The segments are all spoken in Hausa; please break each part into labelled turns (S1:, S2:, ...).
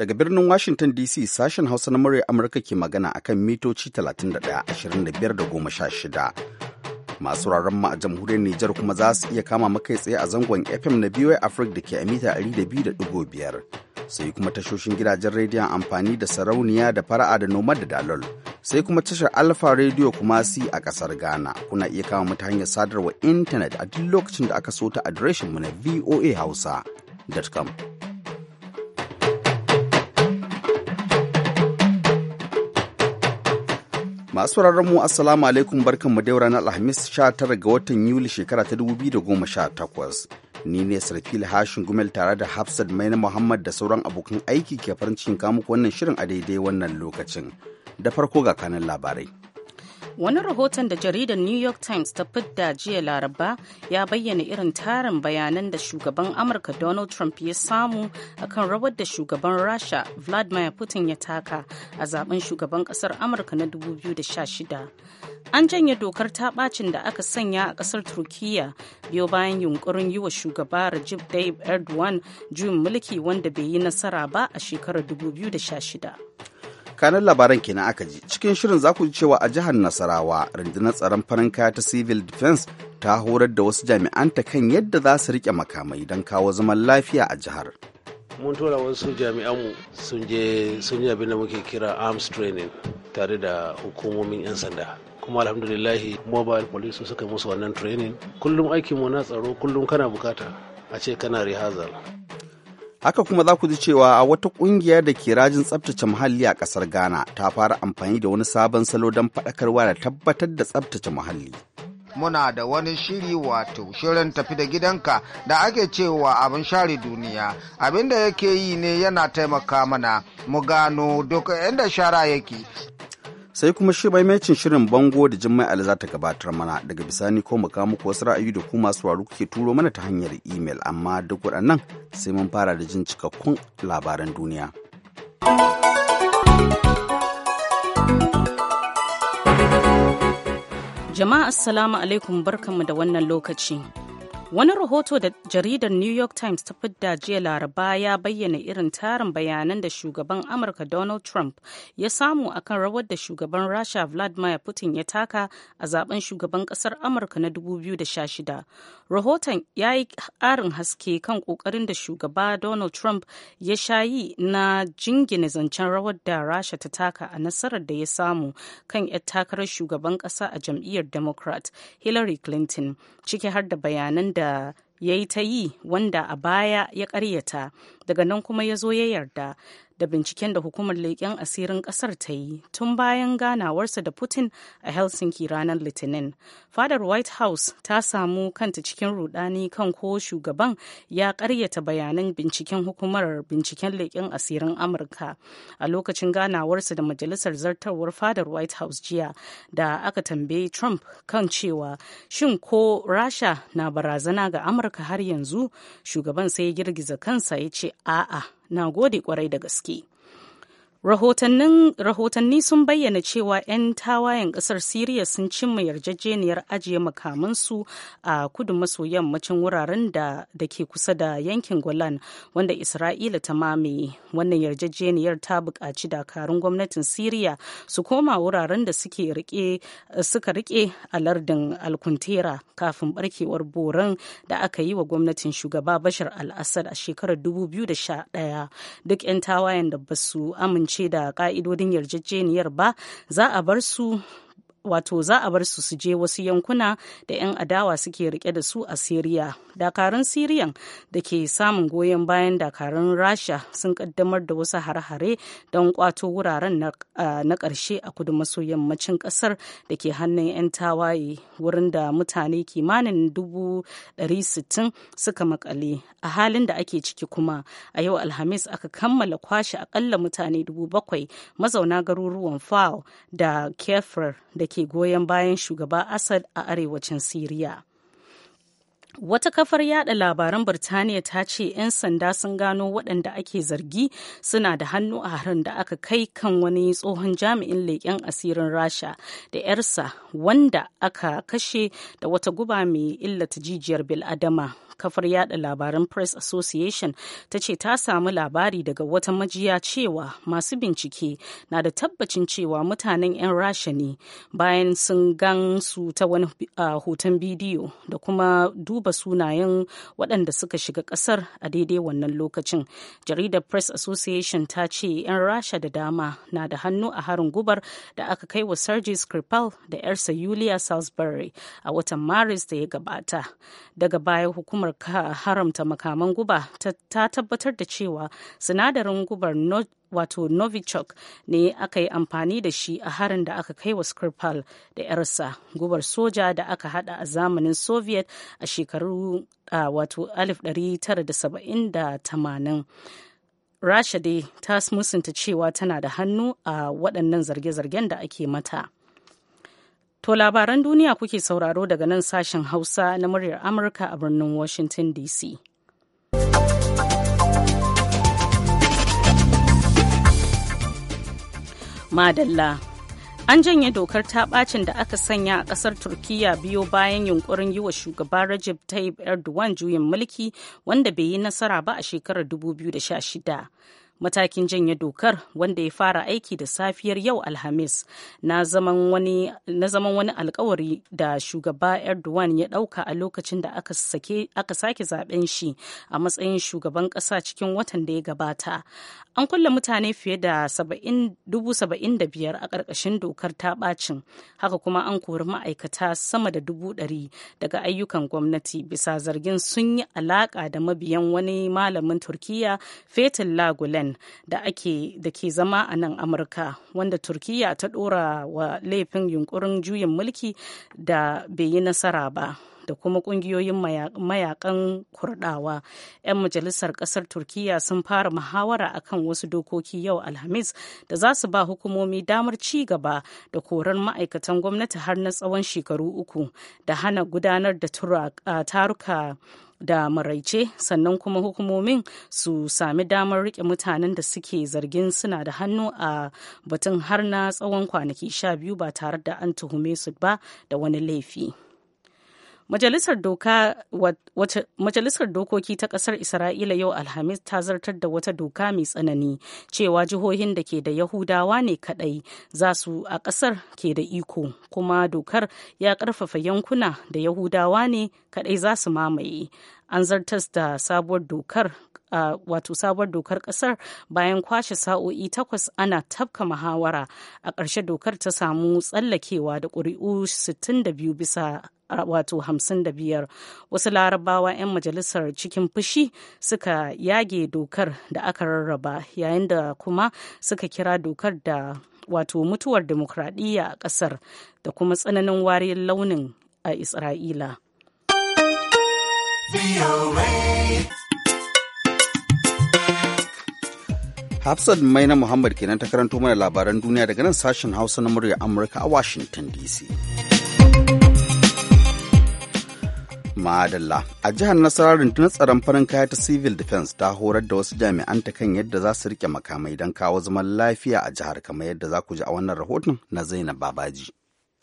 S1: Daga birnin Washington DC sashen Hausa na murya Amurka ke magana a kan mitoci 31 da goma sha shida. Masu raron mu a jamhuriyar Nijar kuma za su iya kama makai tsaye a zangon FM na BY Africa da ke a mita 200.5. Sai kuma tashoshin gidajen rediyon amfani da sarauniya da fara'a da nomad da dalol. Sai kuma tashar Alfa Radio kuma si a kasar Ghana. Kuna iya kama mu ta hanyar sadarwa intanet a duk lokacin da aka so ta adireshin mu na voahausa.com. Masu mu Assalamu alaikum barkan mu da ranar Alhamis 19 ga watan Yuli shekara ta 2018. Ni ne Sarfil Hashin Gumel tare da Hafsat Maina Muhammad da sauran abokan aiki ke farin cikin kamuku wannan shirin a daidai wannan lokacin. Da farko ga kanan labarai.
S2: Wani rahoton da jaridar New York Times ta fidda jiya Laraba ya bayyana irin tarin bayanan da shugaban Amurka Donald Trump ya samu akan rawar da shugaban Rasha Vladimir Putin ya taka a zaben shugaban kasar Amurka na 2016. An janye dokar ta bacin da aka sanya a kasar turkiya biyo bayan yunkurin yi wa shugaba rajib dave Erdogan juyin mulki wanda bai yi nasara ba a shekarar 2016.
S1: kanan labaran kenan aka ji cikin shirin za ku ji cewa a jihar nasarawa rundunar tsaron farin kaya ta civil defense ta horar da wasu jami'anta kan yadda za su rike makamai don kawo zaman lafiya a jihar
S3: mun tura wasu jami'anmu sun je sun yi abin da muke kira arms training tare da hukumomin 'yan sanda kuma alhamdulillahi mobile police suka musu wannan training kullum aikinmu na tsaro kullum kana bukata a ce kana rehearsal
S1: Haka kuma za ku ji cewa a wata ƙungiyar da ke rajin tsabtace muhalli a ƙasar Ghana ta fara amfani da wani sabon salo don faɗakarwa da tabbatar da tsabtace muhalli.
S4: muna da wani shiri wato shirin tafi da gidanka da ake cewa abin share duniya abin da yake yi ne yana taimaka mana mu gano duk inda shara yake
S1: sai kuma shi maimacin shirin bango da jimmai ali za ta gabatar mana daga bisani ko muka muku wasu ra'ayi da ku masu kuke turo mana ta hanyar imel amma duk waɗannan sai mun fara da jin cikakkun labaran duniya
S2: jama'a assalamu alaikum barkanmu da wannan lokaci Wani rahoto da jaridar New York Times ta fidda jiya Laraba ya bayyana irin tarin bayanan da shugaban Amurka Donald Trump ya samu akan rawar da shugaban Rasha Vladimir Putin ya taka a zaben shugaban kasar Amurka na 2016. Rahoton ya yi karin haske kan ƙoƙarin da shugaba Donald Trump ya shayi na jingina zancen rawar da Rasha ta taka a nasarar da ya samu kan 'yar takarar shugaban ƙasa a jam'iyyar Democrat Hillary Clinton, ciki har da bayanan da da ya yi ta yi wanda a baya ya ƙaryata, daga nan kuma ya zo ya yarda da binciken da hukumar leƙen asirin ƙasar ta yi tun bayan ganawarsa da putin a helsinki ranar litinin fadar white house ta samu kanta cikin rudani kan ko shugaban ya ƙaryata bayanan binciken hukumar binciken leƙen asirin amurka a lokacin ganawarsa da majalisar zartarwar fadar white house jiya da aka tambayi trump kan cewa shin ko rasha na barazana ga amurka har yanzu shugaban sai ya girgiza kansa ya ce a'a na gode kwarai da gaske Rahotanni sun bayyana cewa 'yan tawayen ƙasar Siriya sun cimma yarjejeniyar ajiye makamansu a kudu maso yammacin wuraren da ke kusa da yankin Golan wanda Isra'ila ta mame Wannan yarjejeniyar ta buƙaci dakarun gwamnatin Siriya su koma wuraren da suka rike a lardin Alkuntera kafin barkewar boran da aka yi wa gwamnatin shugaba Bashar al-Assad a shekarar 2011 duk 'yan tawayen da basu su amince amince da ka'idodin yarjejeniyar ba za a bar su wato za a bar su su je wasu yankuna da 'yan adawa suke rike da su a siriya dakarun siriyan da ke samun goyon bayan dakarun rasha sun kaddamar da wasu har-hare don kwato wuraren na ƙarshe a kudu maso yammacin ƙasar da ke hannun 'yan tawaye wurin da mutane kimanin dubu suka makale a halin da ake ciki kuma a yau alhamis aka kammala kwashe aƙalla mutane 7,000 mazauna garuruwan fao da kefir da ke goyon bayan shugaba Assad a arewacin Siriya. Wata kafar yada labaran Birtaniya ta ce 'yan sanda sun gano waɗanda ake zargi suna da hannu a harin da aka kai kan wani tsohon jami'in leƙen asirin Rasha da 'yarsa wanda aka kashe da wata guba mai illata jijiyar bil'adama kafar yada labaran press association ta ce ta samu labari daga wata majiya cewa masu bincike na da tabbacin cewa mutanen 'yan rasha ne bayan sun gan su ta wani hoton bidiyo da kuma duba sunayen waɗanda suka shiga ƙasar a daidai wannan lokacin jaridar press association ta ce 'yan rasha da dama na da hannu a harin gubar da aka kai wa sergei skripal da 'yarsa yulia salisbury a watan maris da ya gabata daga baya hukumar amurka haramta makaman guba ta tabbatar da cewa sinadarin gubar wato novichok ne aka yi amfani da shi a harin da aka kai wa skripal da yarsa gubar soja da aka hada a zamanin soviet a shekaru wato 1970 rasha dai ta musunta cewa tana da hannu a waɗannan zarge-zargen da ake mata To labaran duniya kuke sauraro daga nan sashen Hausa na muryar Amurka a birnin Washington DC. Madalla. An janye dokar ta bacin da aka sanya a kasar Turkiyya biyo bayan yunkurin yi wa shugaban Recep Tayyip Erdogan juyin mulki wanda bai yi nasara ba a shekarar 2016. matakin janye dokar wanda ya fara aiki da safiyar yau alhamis na zaman wani, alkawari da shugaba erdogan ya dauka a lokacin da aka sake zaben shi a matsayin shugaban kasa cikin watan da ya gabata an kulle mutane fiye da 75,000 a ƙarƙashin dokar ta bacin haka kuma an kori ma'aikata sama da dubu daga ayyukan gwamnati bisa zargin sun yi alaƙa da mabiyan wani malamin turkiya fetin lagulen da ake da ke zama a nan amurka wanda turkiya ta dora wa laifin yunkurin juyin mulki da bai yi nasara ba da kuma kungiyoyin mayakan kurdawa 'yan majalisar kasar turkiya sun fara muhawara akan wasu dokoki yau alhamis da za su ba hukumomi damar ci gaba da korar ma'aikatan gwamnati har na tsawon shekaru uku da hana gudanar da taruka da maraice sannan kuma hukumomin su sami damar rike mutanen da suke zargin suna da hannu a batun har na tsawon kwanaki sha biyu ba tare da an tuhume su ba da wani laifi. Majalisar doka Majalisar dokoki ta ƙasar Isra'ila yau Alhamis ta zartar da wata doka mai tsanani cewa jihohin da ke da Yahudawa ne kadai za su a ƙasar ke da iko kuma dokar ya ƙarfafa yankuna da Yahudawa ne kadai za su mamaye. An zartas da sabuwar dokar wato sabuwar dokar kasar bayan kwashe sa'o'i takwas ana tafka muhawara a ƙarshe dokar ta samu tsallakewa da ƙuri'u 62 bisa wato 55 wasu larabawa 'yan majalisar cikin fushi suka yage dokar da aka rarraba yayin da kuma suka kira dokar da wato mutuwar demokradiyya a ƙasar da kuma tsananin wariyar launin a isra'ila.
S1: Hafsat na Muhammad kenan ta karanto mana labaran duniya daga nan sashen Hausa na murya Amurka a Washington DC. Madalla a jihar Nasarar rundunar tsaron farin kaya ta Civil Defense ta horar da wasu jami'an ta kan yadda za su rike makamai don kawo zaman lafiya a jihar kamar yadda za ku ji a wannan rahoton na Zainab Babaji.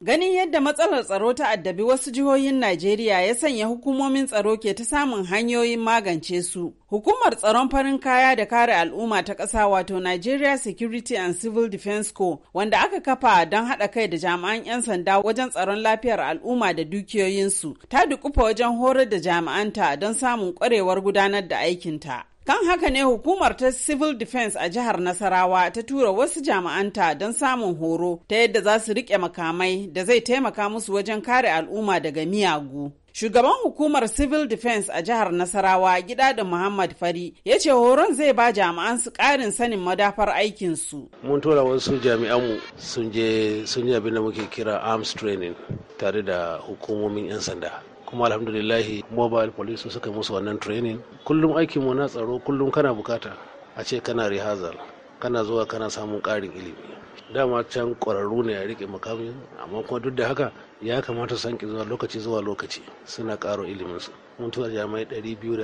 S5: Ganin yadda matsalar tsaro ta addabi wasu jihohin Najeriya ya sanya hukumomin tsaro ke ta samun hanyoyin magance su. Hukumar tsaron farin kaya da kare al'umma ta ƙasa wato Nigeria Security and Civil Defense Co wanda aka kafa don haɗa kai da jami'an 'yan sanda wajen tsaron lafiyar al'umma da dukiyoyinsu ta dukufa wajen horar da jami'anta don samun ƙwarewar gudanar da aikinta. Kan haka ne hukumar ta Civil Defense a jihar Nasarawa ta tura wasu jami'anta don samun horo ta yadda za su riƙe makamai da zai taimaka musu wajen kare al'umma daga miyagu. Shugaban hukumar Civil Defense a jihar Nasarawa gidadin Muhammad Fari ya ce horon zai ba jami'an su ƙarin sanin madafar aikinsu.
S3: Mun tura wasu jami'anmu sun je sun abin da muke kira arms training tare da hukumomin 'yan sanda. kuma alhamdulillahi mobile police suka musu wannan training kullum aikin mu na tsaro kullum kana bukata a ce kana rehearsal kana zuwa kana samun karin ilimi dama can kwararru ne ya rike makami amma kuma duk da haka ya kamata su ki zuwa lokaci zuwa lokaci suna ƙaro iliminsu mun tura jami'ai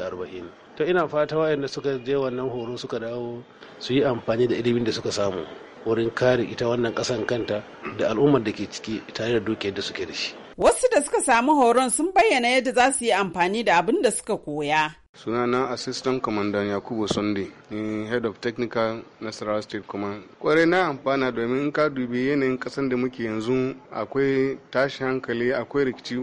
S3: arba'in. Ta ina fata wayanda suka je wannan horo suka dawo su yi amfani da ilimin da suka samu wurin kare ita wannan ƙasan kanta da al'ummar da ke ciki tare da dukiyar da suke da shi Wasu da suka samu
S5: horon sun bayyana yadda za su yi amfani da abin da suka koya.
S3: sunana assistant commander yakubu sunday ni head of technical nasarawa state command kwarai na amfana domin in ka dubi yanayin kasan da muke yanzu akwai tashi hankali akwai rikici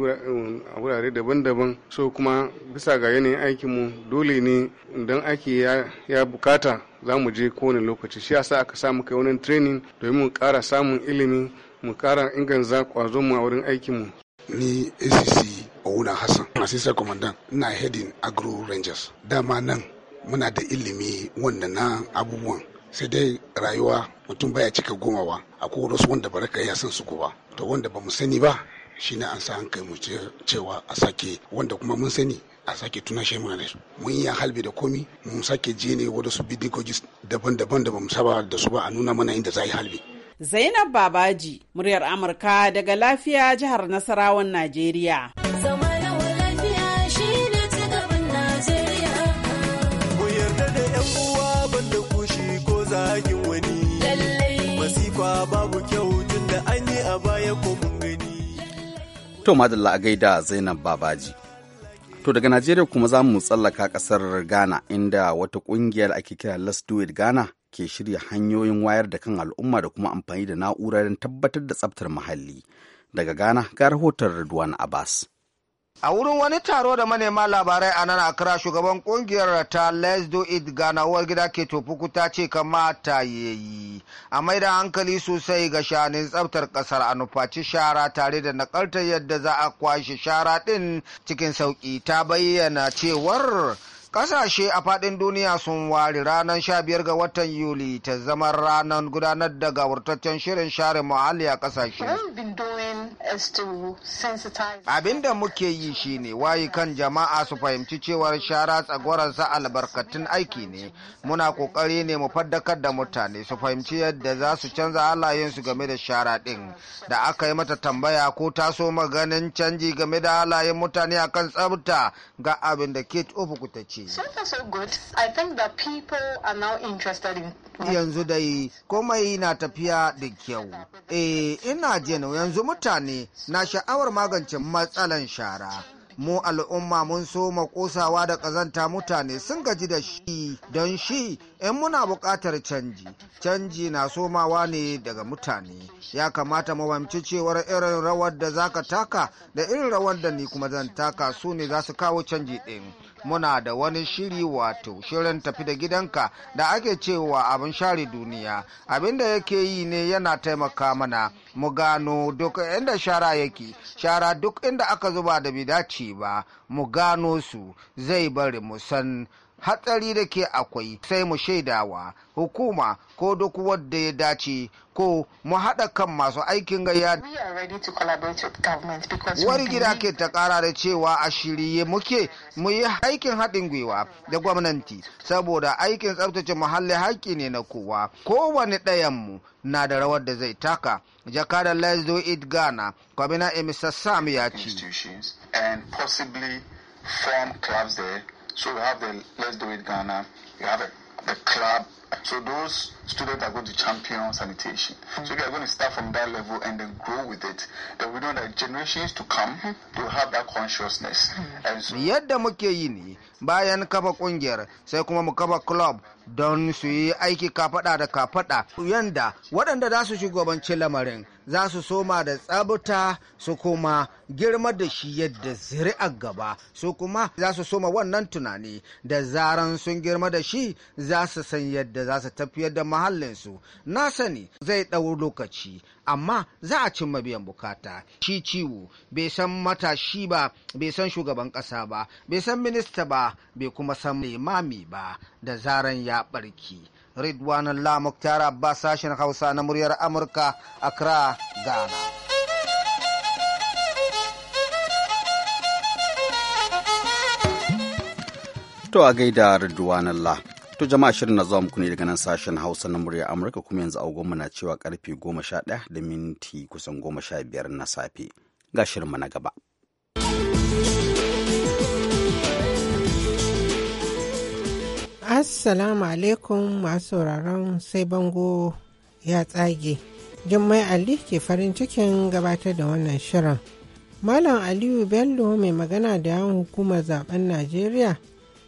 S3: a wurare daban-daban so kuma bisa ga yanayin aikinmu dole ne idan aiki ya bukata za mu je kowane lokaci shi yasa aka samu kai wani training domin mu kara samun ilimi mu kara inganta kwazon mu a wurin aikin mu Ni ACC Ouna Hassan, Assistant Commandant, ina heading Agro Rangers. Dama nan muna da ilimi wannan na abubuwan sai dai rayuwa mutum baya cika gomawa akwai wasu wanda baraka ya san su kuwa. to wanda bamu sani ba shine an sa hankali mu cewa a sake wanda kuma mun sani a sake tuna shi mana su mun yi halbe da komi mun sake je ne su bidigogi daban-daban da bamu saba da su ba a nuna mana inda za yi halbe
S5: Zainab Babaji, muryar Amurka daga lafiya jihar Nasarawan Najeriya.
S3: babu kyau da an yi a ko gani.
S1: To madalla a gaida Zainab Babaji. To daga Najeriya kuma za mu tsallaka kasar Ghana inda wata kungiyar ake kira Let's Do It Ghana ke shirya hanyoyin wayar da kan al'umma da kuma amfani da na'urar tabbatar da tsabtar muhalli. Daga Ghana ga rahoton Radwan Abbas.
S4: A wurin wani taro da manema labarai a nan Accra shugaban kungiyar ta Let's Do It ganawar gida ke tofuku ta ce kamata ya yi. A maida hankali sosai ga shanin tsabtar kasar a nufaci shara tare da nakaltar yadda za a kwashe shara ɗin cikin sauki ta bayyana cewar Ƙasashe a faɗin duniya sun ware ranar sha biyar ga watan Yuli ta zama ranar gudanar da gawurtaccen shirin share muhalli a ƙasashe. Abin da muke yi shine wayi kan jama'a su fahimci cewar shara tsagwararsa albarkatun aiki ne. Muna kokari ne mu faddakar da mutane su fahimci yadda za su canza halayensu game da shara ɗin. Da aka yi mata tambaya ko taso maganin canji game da halayen mutane akan tsabta ga abin da Kate Ofuku ta ce. yanzu dai komai na tafiya da kyau eh ina jin yanzu mutane na sha'awar magance matsalan shara mu al'umma mun so makosawa da ƙazanta mutane sun gaji da shi don shi in muna buƙatar canji canji na somawa ne daga mutane ya kamata mu fahimci cewar irin rawar da zaka taka da irin rawar da ni kuma zan taka su ne za su kawo canji ɗin muna da wani shiri wato shirin tafi da gidanka da ake cewa abin share duniya abinda yake yi ne yana taimaka mana mu gano duk inda shara yake shara duk inda aka zuba da bai dace ba mu gano su zai bari mu san hatsari da ke akwai sai mu shaidawa hukuma ko duk wadda ya dace ko mu haɗa kan masu aikin gayya
S5: wani gida ke
S4: ta ƙara da cewa a shirye muke mu yi aikin haɗin gwiwa da gwamnati saboda aikin tsabtace muhalli haƙƙi ne na kowa kowane ɗayanmu na da rawar da zai taka jakadar lezo do it ghana kwamina emisar sam ya ce
S1: So we have the Let's Do It Ghana. We have a, the club So those students are going to champion sanitation. Mm-hmm. So
S4: they are going to start from that level and then grow with it. Then we know that generations to come they will have that consciousness. Hmm. Yadda muke yi ne bayan kafa kungiyar sai kuma mu kafa club don su yi aiki kafada da kafada yanda waɗanda za su shugabanci lamarin za su soma da tsabuta su kuma girma da shi yadda a gaba su kuma za su soma wannan tunani da zaran sun girma da shi za su san yadda da za su tafiyar da mahallinsu na sani zai ɗau lokaci amma za a cimma biyan bukata shi ciwo bai san matashi ba bai san shugaban ƙasa ba bai san minista ba bai kuma san limami ba da zaran ya ɓarki ridwanan lamuk tara ba sashen hausa na muryar amurka accra ghana
S1: To a gaida Ridwan Allah. To jama'a shirin na zuwa muku ne daga nan sashen Hausa na murya Amurka kuma yanzu agogonmu na cewa karfe goma sha ɗaya da minti kusan goma sha biyar na safe. Ga shirinmu na gaba.
S6: Assalamu alaikum masu sauraron sai bango ya tsage. Jummai Ali ke farin cikin gabatar da wannan shirin. Malam Aliyu Bello mai magana da yawon hukumar zaben Najeriya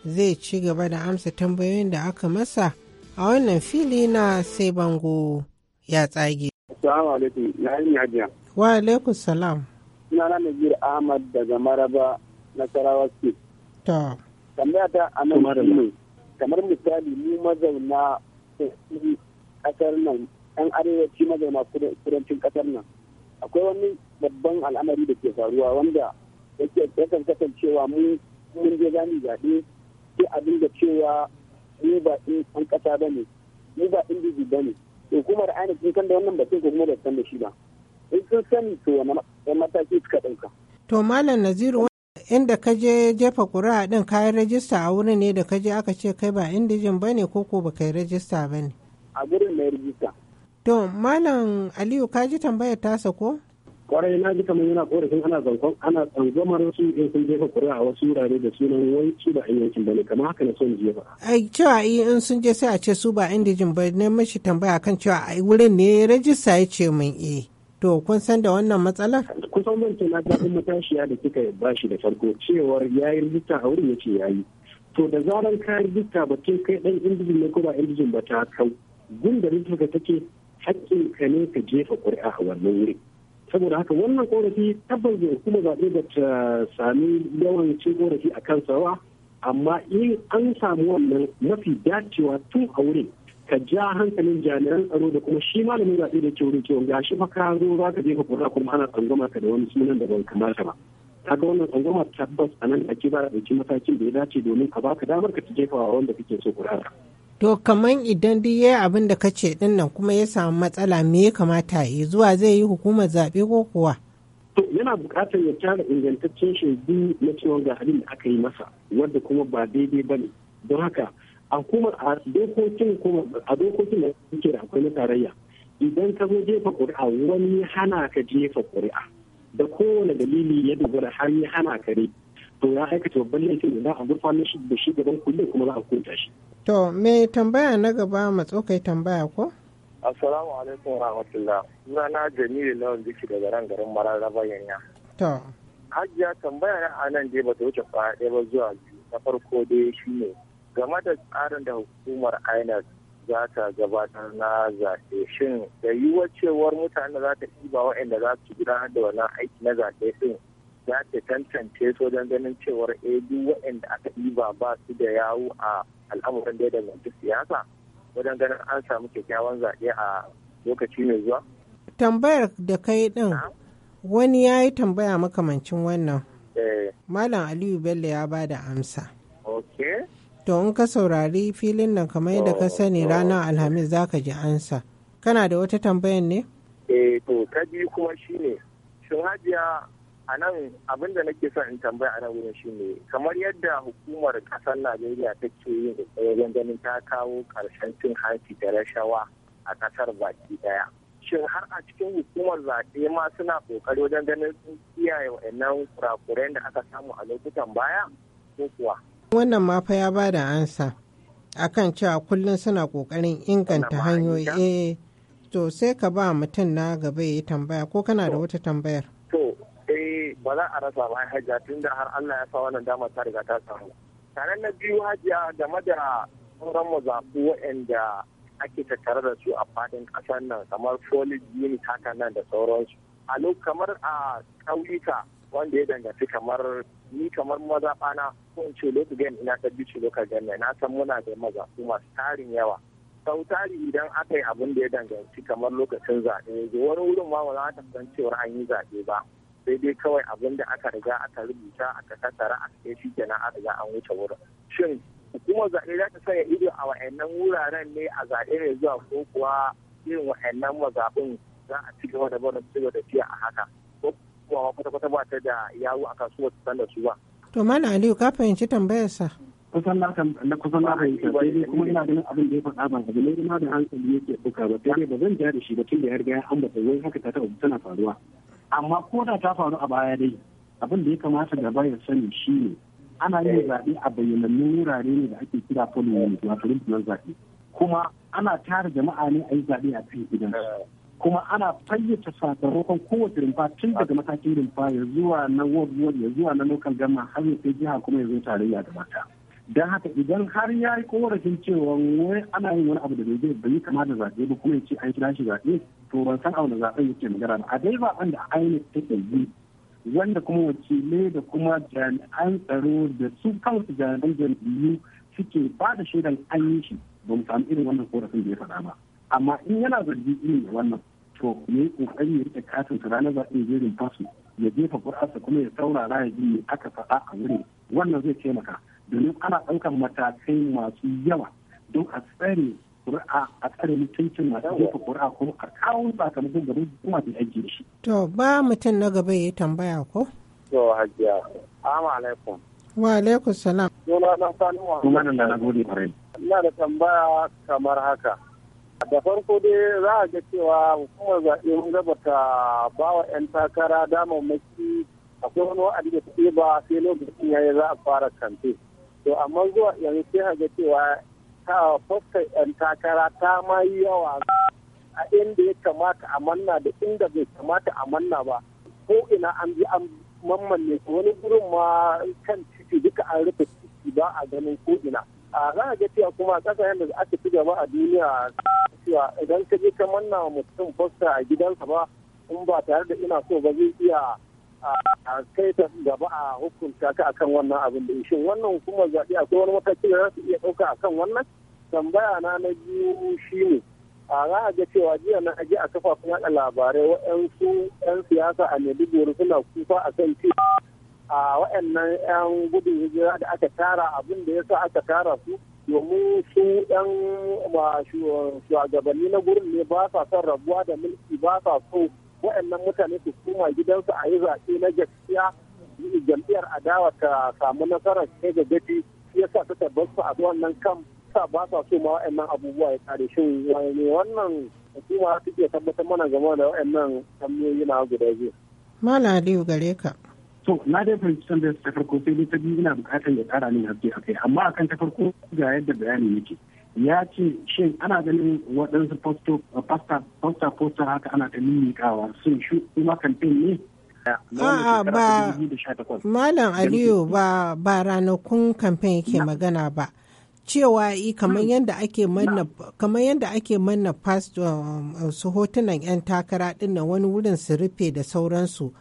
S6: zai ci gaba da amsa tambayoyin da aka masa a wannan fili na sai bango
S7: ya tsage.
S6: Wa alaikun salam.
S7: Ina na Nazir Ahmad daga Maraba na Sarawa State. Ta. Tambaya ta a nan kamar misali mu mazauna kasar nan ɗan arewaci mazauna kudancin kasar nan akwai wani babban al'amari da ke faruwa wanda yake yakan kasancewa mun je zamu zaɓe sai abin da cewa ni ba in an ƙasa ba ne ni ba in bibi ba ne to kuma da ainihin sun san da wannan batun ko kuma da san da shi ba in sun sani to wani mataki suka ɗauka.
S6: to malam naziru inda ka je jefa ƙuri'a din kayan rajista a wurin ne da ka je aka ce kai ba indijin ba ne ko ko ba kai rajista ba ne.
S7: a gurin mai rajista.
S6: to malam aliyu ka ji tambayar tasa ko.
S7: kwarai na ji kamar yana korafin ana zankon ana tsangwamar su in sun jefa kuri'a a wasu wurare da sunan wai su ba yan yankin bane kamar haka na son jefa.
S6: ai cewa in sun je sai a ce su ba indijin ba ne mashi tambaya kan cewa ai wurin ne ya rajista ya ce min eh to kun san da wannan matsalar.
S7: kusan wancan na daɗin matashiya da kika ba shi da farko cewar ya yi rajista a wurin ya ce ya yi. to da zaran ka rajista batun kai ɗan indijin ne ko ba indijin ba ta kau gunda da rajista take hakkin ka ne ka jefa kuri'a a wannan wurin. saboda haka wannan korafi tabbas da kuma zaɓe da ta sami yawan cin korafi a kan sawa amma in an samu wannan mafi dacewa tun a wurin ka ja hankalin jami'an tsaro da kuma shi malamin zaɓe da ke wurin cewa gashi shi ka zo za ka je ka kura kuma ana tsangwama ka da wani sunan da ban kamata ba kaga wannan tsangwama tabbas a nan ake ba da ɗauki matakin da ya dace domin ka baka damar ka ta jefa wanda kake so kura.
S6: To kaman idan duk ya abin da kace din nan kuma ya samu matsala me ya kamata yi zuwa zai yi hukumar zaɓe ko kuwa?
S7: To yana buƙatar ya tara ingantaccen shaidu na cewa ga halin da aka yi masa wanda kuma ba daidai ba ne. Don haka a kuma a dokokin kuma a dokokin da suke da akwai na tarayya idan ka zo jefa ƙuri'a wani hana ka jefa ƙuri'a da kowane dalili ya dogara har ya hana ka rai to ya aikata babban laifin da za a gurfanar shi da shi gaban kulle kuma za a kunta shi.
S6: To me tambaya na gaba kai tambaya ko?
S7: Assalamu alaikum rahmatullah. na Jamilu Lawan Biki daga ran garin Mararraba Yanya. To. Hajiya tambaya na a nan dai ta wuce kwaya ɗaya ba zuwa biyu. Na farko dai shi ne game da tsarin da hukumar INEC za ta gabatar na zaɓe shin da yiwuwar cewar mutane za ta ɗiba waɗanda za su gudanar da wannan aiki na zaɓe ɗin za ta tantance su wajen ganin cewar eh duk waɗanda aka ɗiba ba su da yawo a al'amuran da ya danganci siyasa wajen ganin an samu kyakkyawan zaɓe a lokaci mai zuwa.
S6: Tambayar da kai ɗin wani ya yi tambaya makamancin wannan. Eh. Malam Aliyu Bello ya ba da amsa. To in ka saurari filin nan kamar yadda ka sani oh, oh. ranar Alhamis za ka ji ansa. Kana da wata tambayar ne?
S7: Eh to ta biyu kuma shine shin hajiya a nan abin da nake son in tambaya a nan wurin ne. kamar yadda hukumar kasar najeriya take yin tsayayyen ganin ta kawo karshen cin hanci da rashawa a kasar baki daya shin har a cikin hukumar zaɓe ma suna kokari wajen ganin sun kiyaye wa'annan kurakurai da aka samu a lokutan baya ko kuwa
S6: wannan ma fa ya ba da ansa akan cewa kullum suna kokarin inganta hanyoyi eh to sai ka ba mutum na gaba ya tambaya ko kana da wata tambayar
S7: eh ba za a rasa ba hajiya tun da har Allah ya sa wannan dama ta riga ta samu tare na biyu hajiya game da sauran mazafu waɗanda ake tattare da su a fadin ƙasar nan kamar folic unit haka nan da sauransu a kamar a ƙauyuka wanda ya danganci kamar ni kamar mazaɓana ko in ce lokacin gani ina ta bici local game na san muna da mazafu masu tarin yawa sau tari idan aka yi abin da ya danganci kamar lokacin zaɓe wani wurin ma ba za ta san cewar an yi zaɓe ba sai dai kawai abin da aka riga aka rubuta aka tattara a kai shi kenan a riga an wuce wurin shin hukumar zaɓe za ta sanya ido a wa'annan wuraren ne a zaɓe mai zuwa ko kuwa irin wa'annan mazaɓin za a ci gaba da barin su da fiye a haka ko kuwa kwata-kwata ba ta da yawo a kasuwar san da su ba.
S6: to mana aliyu ka fahimci tambayarsa. kusan na na kusan na fahimta sai dai
S7: kuma ina ganin abin da ya faɗa ba abu ne ma da hankali yake buka ba sai ba zan ja da shi ba tun da ya riga ya ambata wai haka ta taɓa tana faruwa amma ko da ta faru a baya dai abin da ya kamata gaba ya sani shine ana yin eh. zaɓe a bayyanannun wurare ne da ake kira polling unit eh. wato zaɓe kuma ana tara jama'a ne a yi zaɓe a cikin gidan eh. kuma ana fayyace sakamakon kowace rumfa tun daga matakin rumfa ya zuwa na ward ward ya zuwa na local gama har ya kai jiha kuma ya zo tarayya da mata don haka idan har ya yi korafin cewa wani ana yin wani abu da bai bai kama da zaɓe ba kuma ya ce an kira shi zaɓe to ban san auna zaɓen yake magana ba a dai ba da INEC take yi wanda kuma wakilai da kuma jami'an tsaro da su kansu jami'an jam'iyyu suke ba da shaidan an yi shi ba mu samu irin wannan korafin da ya faɗa ba amma in yana zargi irin wannan to me yi kokari ya rike katin su ranar zaɓen jerin fasu ya jefa ƙur'arsa kuma ya saurara ya ji aka faɗa a wurin wannan zai taimaka domin ana ɗaukar matakai masu yawa don a tsare ƙuri'a a tsare mutuncin masu jefa ƙuri'a kuma a kawo sakamakon gaban hukuma da aiki da shi.
S6: To ba mutum na gaba ya tambaya ko?
S7: To hajiya. Assalamu alaikum.
S6: Wa alaikum salam.
S7: Yola na sani wa. Kuma nan da na gode kwarai. Ina da tambaya kamar haka. Da farko dai za a ga cewa hukumar zaɓe mun gaba ta ba wa 'yan takara damammaki akwai wani wa'adi da ta ba sai lokacin yayi za a fara kamfe. To amma zuwa yanzu sai a ga cewa ta fuskar 'yan takara ta ma yi yawa a inda ya kamata a manna da inda bai kamata a manna ba ko ina an bi an mammanne ko wani gurin ma kan titi duka an rufe ciki ba a ganin ko ina a za a ga cewa kuma yadda da aka ci gaba a duniya cewa idan ka je ka manna mutum fosta a gidansa ba in ba tare da ina so ba zai iya a kai ta gaba a hukunta ka akan wannan abin da shin wannan hukumar zaɓe akwai wani mataki da za su iya ɗauka akan wannan tambaya na na biyu shine a za a ga cewa jiya na aji a kafafen yaɗa labarai waɗansu 'yan siyasa a maiduguri suna kufa akan ce a waɗannan 'yan gudun hijira da aka tara abin da ya sa aka tara su domin su 'yan shugabanni na gurin ne ba sa son rabuwa da mulki ba sa so waɗannan mutane su kuma gidansu a yi zaɓe na gaskiya jam'iyyar adawa ta samu nasarar kai ga gaji ya sa ta tabbata a wannan kan sa ba sa so ma wa'annan abubuwa ya kare shin wani wannan hukuma ta ke tabbatar mana game da wa'annan hanyoyi na guda biyu. Mala Aliyu gare ka. To na dai fahimci tambayar ta farko sai dai ta biyu ina bukatar ya kara min haske kai, amma akan ta farko ga yadda bayani yake. ya ce shin ana ganin waɗansu posta posta haka ana ta mimikawa sun shi kuma kamfen ne A'a ba Malam Aliyu
S6: ba ba ranakun kamfen yake magana ba. Cewa yi kamar hmm. yadda ake manna kamar um, su hotunan 'yan takara dinnan wani wurin su rufe da sauransu.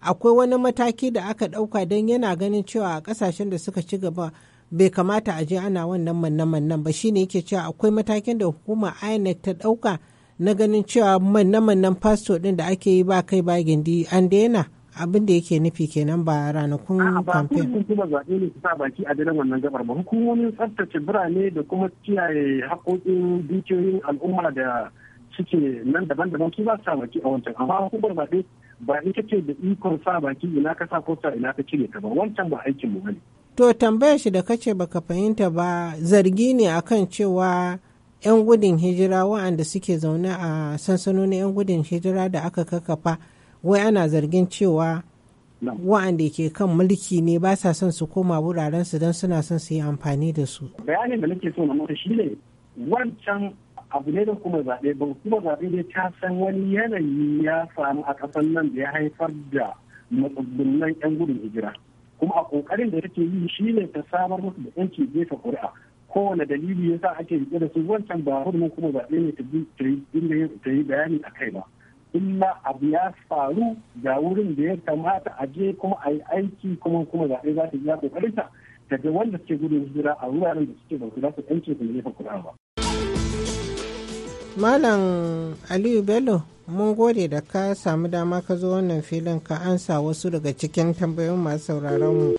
S6: Akwai wani mataki da aka ɗauka don yana ganin cewa a ƙasashen da suka ci gaba bai kamata a je ana wannan manna mannan ba shine yake cewa akwai matakin da hukuma INEC ta dauka na ganin cewa mannan mannan fasto din da ake yi ba kai ba gindi an daina abin da yake nufi kenan ba ranakun
S7: kamfen. Ba kuma zaɓe ne sa baki a daren wannan gabar ba. Hukumomin tsaftace birane da kuma kiyaye haƙoƙin dukiyoyin al'umma da suke nan daban-daban su ba sa baki a wancan. Amma hukumar zaɓe ba ita ce da ikon sa baki ina ka sa ko sa ina ka cire ta ba wancan ba aikin mu bane
S6: to tambayar shi da kace baka fahimta ba zargi ne akan cewa yan gudun hijira wa'anda suke zaune a sansanonin yan gudun hijira da aka kakafa wai ana zargin cewa wa'anda ke kan mulki ne ba sa son su koma wuraren su don suna son su yi amfani da su
S7: bayanin da nake so na mota shi ne wancan abu ne da kuma zaɓe ba kuma zaɓe dai ta san wani yanayi ya samu a ƙasar nan da ya haifar da matsugunan 'yan gudun hijira kuma a ƙoƙarin da take yi shi ne ta samar musu da 'yanci jefa kuri'a kowane dalili ya sa ake riƙe da su wancan ba hudu kuma zaɓe ne ta yi bayani a kai ba illa abu ya faru ga wurin da ya kamata a je kuma a yi aiki kuma kuma zaɓe za ta yi ya ƙoƙarinta daga wanda suke gudun hijira a wuraren da suke ba su za su 'yanci su jefa ƙuri'a ba.
S6: Malam Aliyu Bello, mun gode da ka samu dama ka zo wannan filin ka ansa wasu daga cikin tambayoyin masu sauraron mu.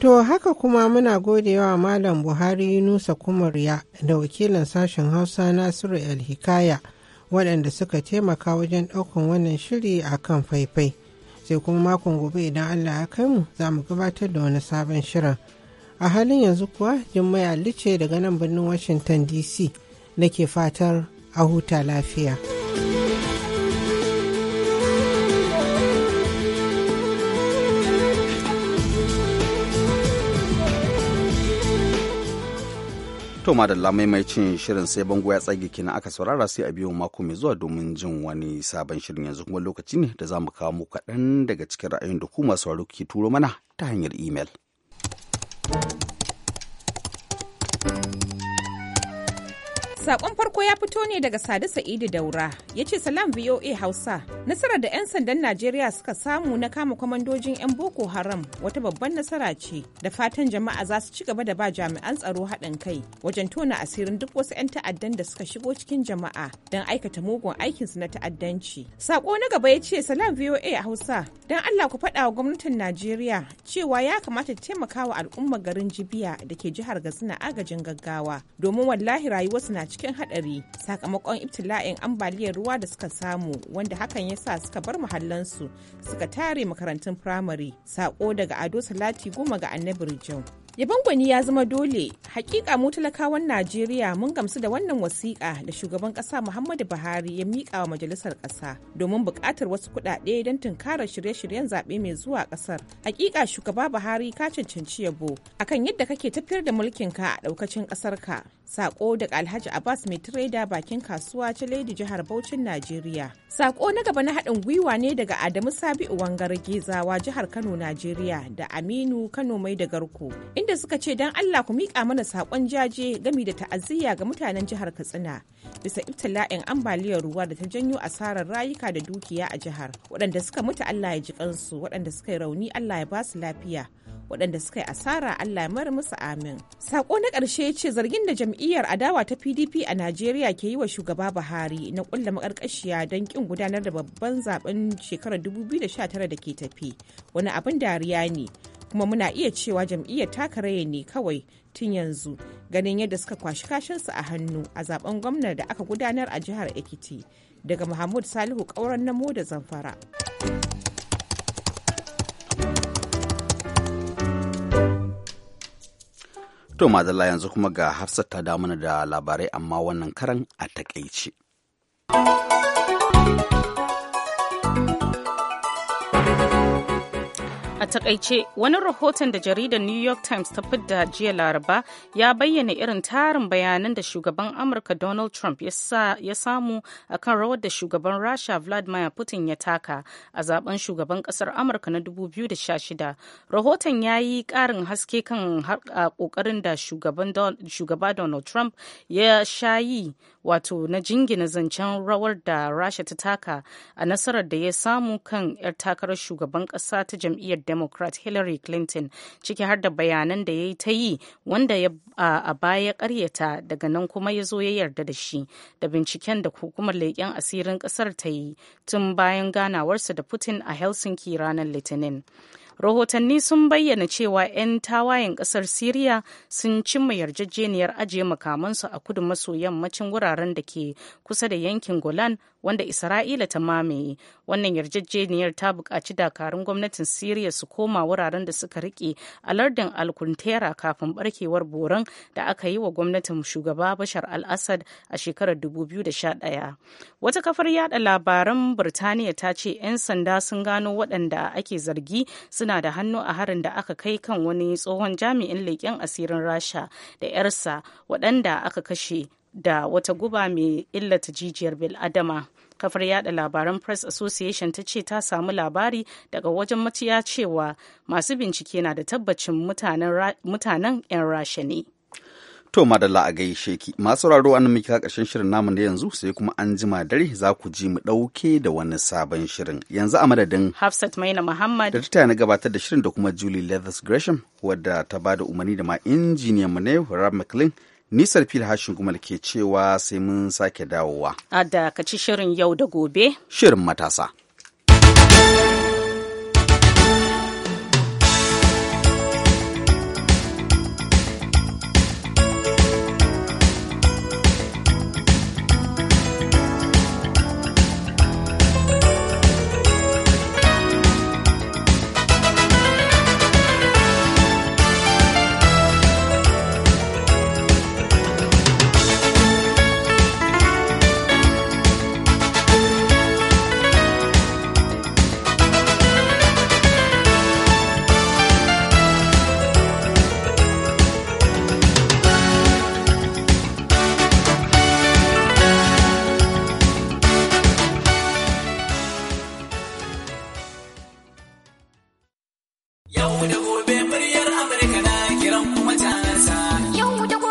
S6: To haka kuma muna gode godewa Malam Buhari Nusa Kumariya da wakilin sashen Hausa Nasiru El Hikaya waɗanda suka taimaka wajen ɗaukan wannan shiri a kan faifai. Sai kuma makon gobe idan Allah ya kai mu za mu gabatar da wani sabon shirin. a halin yanzu kuwa jummai ali daga nan birnin washington dc nake fatar a huta lafiya.
S1: To madalla cin shirin sai bango ya tsage kina aka saurara sai a biyo mako mai zuwa domin jin wani sabon shirin yanzu kuma lokaci ne da za mu kawo mu kaɗan daga cikin ra'ayin da kuma sauraro ke turo mana ta hanyar imel. you
S8: Sakon farko ya fito ne daga Sadi Sa'idu Daura, ya ce salam VOA Hausa. Nasarar da 'yan sandan Najeriya suka samu na kama kwamandojin 'yan Boko Haram wata babban nasara ce da fatan jama'a za su ci gaba da ba jami'an tsaro haɗin kai wajen tona asirin duk wasu 'yan ta'addan da suka shigo cikin jama'a don aikata mugun aikinsu na ta'addanci. Sako na gaba ya ce salam VOA Hausa. Don Allah ku faɗa wa gwamnatin Najeriya cewa ya kamata ta taimaka wa al'ummar garin Jibiya da ke jihar Gatsina agajin gaggawa domin wallahi rayuwarsu na cikin haɗari sakamakon ibtila'in ambaliyar ruwa da suka samu wanda hakan ya sa suka bar muhallansu suka tare makarantun firamare sako daga ado salati goma ga annabi rijau Yaban gwani ya zama dole, hakika mu talakawan Najeriya mun gamsu da wannan wasiƙa da shugaban ƙasa Muhammadu Buhari ya miƙa wa majalisar ƙasa domin buƙatar wasu kuɗaɗe don tunkarar shirye-shiryen zaɓe mai zuwa ƙasar. Hakika shugaba Buhari ka cancanci yabo akan yadda kake tafiyar da mulkinka a ɗaukacin ƙasar ka. Sako daga Alhaji Abbas mai tireda bakin kasuwa ta Lady jihar Bauchin Najeriya. Sako na gaba na haɗin gwiwa ne daga Adamu Sabi'u wangar Gezawa jihar Kano Najeriya da Aminu Kano mai da Garko inda suka ce don Allah ku miƙa mana sakon jaje gami da ta'aziyya ga mutanen jihar Katsina bisa ibtila'in ambaliyar ruwa da ta janyo asarar rayuka da dukiya a jihar waɗanda suka mutu Allah ya ji kansu waɗanda suka yi rauni Allah ya ba su lafiya waɗanda suka yi asara Allah mar musu amin. Sako na ƙarshe ce zargin da jam'iyyar adawa ta PDP a Najeriya ke yi wa shugaba Buhari na ƙulla maƙarƙashiya don ƙin gudanar da babban zaben shekarar 2019 da ke tafi wani abin dariya ne kuma muna iya cewa jam'iyyar karaye ne kawai tun yanzu ganin yadda suka kwashi kashinsu a hannu a zaben gwamnar da aka gudanar a jihar Ekiti daga mahmud Salihu ƙauren namo da zamfara.
S1: To madalla yanzu kuma ga Hafsat ta damuna da labarai amma wannan karan a takaice.
S2: A takaice, wani rahoton da jaridar New York Times ta fidda jiya Laraba ya bayyana irin tarin bayanan da shugaban Amurka Donald Trump ya samu a kan rawar da shugaban Rasha Vladimir Putin ya taka a zaben shugaban kasar Amurka na 2016. Rahoton ya yi ƙarin haske kan ƙoƙarin da shugaba Donald Trump ya shayi wato na jingina zancen rawar da Rasha ta taka a nasarar da ya samu kan 'yar takarar shugaban ƙasa ta jam'iyyar democrat hillary clinton ciki har da bayanan da ya yi ta yi wanda ya a baya karyata daga nan kuma ya zo ya yarda da shi da binciken da hukumar leƙen asirin ƙasar ta yi tun bayan ganawarsa da putin a helsinki ranar litinin rahotanni sun bayyana cewa 'yan tawayen kasar syria sun cimma yarjejeniyar ajiye makamansu a kudu maso yammacin wuraren da ke kusa da yankin golan wanda Isra'ila ta mamaye. Wannan yarjejeniyar ta buƙaci dakarun gwamnatin Siriya su koma wuraren da suka rike a lardin Alkuntera kafin barkewar boran da aka yi wa gwamnatin shugaba Bashar al-Assad a shekarar 2011. Wata kafar yada labaran Birtaniya ta ce 'yan sanda sun gano waɗanda ake zargi suna da hannu a harin da aka kai kan wani tsohon jami'in leƙen asirin Rasha da 'yarsa waɗanda aka kashe da wata guba mai illata jijiyar bil'adama. kafar yada labaran press association ta ce ta samu labari daga wajen maciya cewa masu bincike na da tabbacin mutanen 'yan rasha ne
S1: To madalla a gaishe ki masu raro an muke ƙarshen shirin namu na yanzu sai kuma an jima dare za ku ji mu ɗauke da wani sabon shirin yanzu a madadin
S2: Hafsat Maina Muhammad
S1: da ta na gabatar da shirin da kuma Julie Leathers Gresham wadda ta bada umarni da ma injiniyan mu ne Rob McLean Nisar fil hashin gumal ke cewa sai mun sake dawowa.
S2: A dakaci shirin yau da gobe.
S1: Shirin matasa.